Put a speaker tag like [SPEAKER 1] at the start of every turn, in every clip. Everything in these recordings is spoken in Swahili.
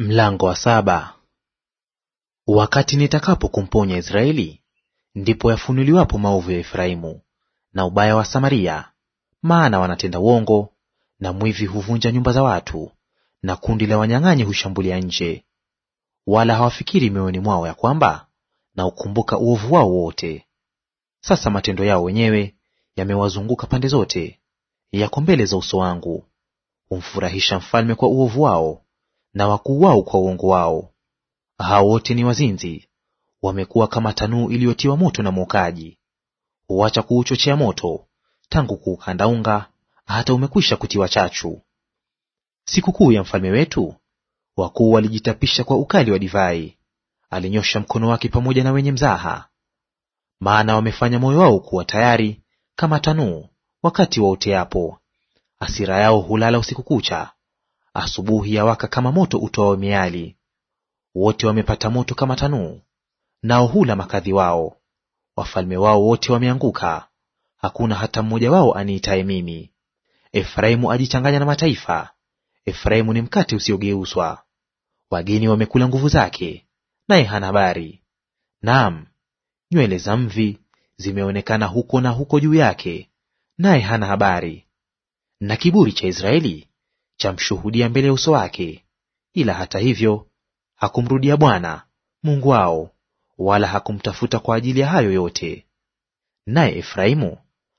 [SPEAKER 1] Mlango wa saba. Wakati nitakapo kumponya Israeli, ndipo yafunuliwapo maovu ya Efraimu na ubaya wa Samaria, maana wanatenda uongo, na mwivi huvunja nyumba za watu, na kundi la wanyang'anyi hushambulia nje. Wala hawafikiri mioyoni mwao ya kwamba na ukumbuka uovu wao wote. Sasa matendo yao wenyewe yamewazunguka pande zote, yako mbele za uso wangu. Humfurahisha mfalme kwa uovu wao na wakuu wao kwa uongo wao. Hao wote ni wazinzi, wamekuwa kama tanuu iliyotiwa moto na mwokaji. Huacha kuuchochea moto tangu kuukanda unga, hata umekwisha kutiwa chachu. Sikukuu ya mfalme wetu, wakuu walijitapisha kwa ukali wa divai. Alinyosha mkono wake pamoja na wenye mzaha, maana wamefanya moyo wao kuwa tayari kama tanuu wakati wa uteapo; asira yao hulala usiku kucha, asubuhi yawaka kama moto utoao miali. Wote wamepata moto kama tanuu, nao hula makadhi wao. Wafalme wao wote wameanguka, hakuna hata mmoja wao aniitaye mimi. Efraimu ajichanganya na mataifa, Efraimu ni mkate usiogeuswa. Wageni wamekula nguvu zake, naye hana habari. Naam, nywele za mvi zimeonekana huko na huko juu yake, naye hana habari. Na kiburi cha Israeli chamshuhudia mbele ya uso wake, ila hata hivyo hakumrudia Bwana Mungu wao, wala hakumtafuta kwa ajili ya hayo yote. Naye Efraimu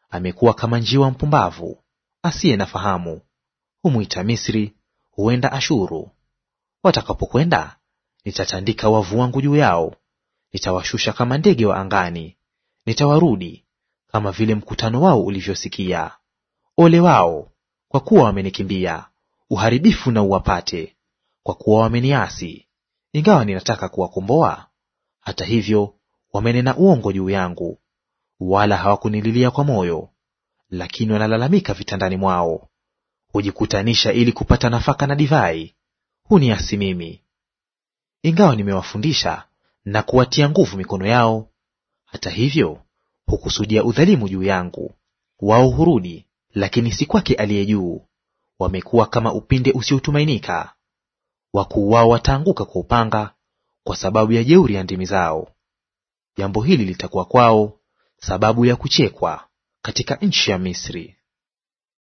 [SPEAKER 1] amekuwa kama njiwa mpumbavu asiye na fahamu; humwita Misri, huenda Ashuru. Watakapokwenda nitatandika wavu wangu juu yao, nitawashusha kama ndege wa angani, nitawarudi kama vile mkutano wao ulivyosikia. Ole wao, kwa kuwa wamenikimbia! uharibifu na uwapate, kwa kuwa wameniasi. Ingawa ninataka kuwakomboa, hata hivyo wamenena uongo juu yangu, wala hawakunililia kwa moyo, lakini wanalalamika vitandani mwao. Hujikutanisha ili kupata nafaka na divai, huniasi mimi. Ingawa nimewafundisha na kuwatia nguvu mikono yao, hata hivyo hukusudia udhalimu juu yangu. Wao hurudi, lakini si kwake aliye juu, wamekuwa kama upinde usiotumainika. Wakuu wao wataanguka kwa upanga kwa sababu ya jeuri ya ndimi zao. Jambo hili litakuwa kwao sababu ya kuchekwa katika nchi ya Misri.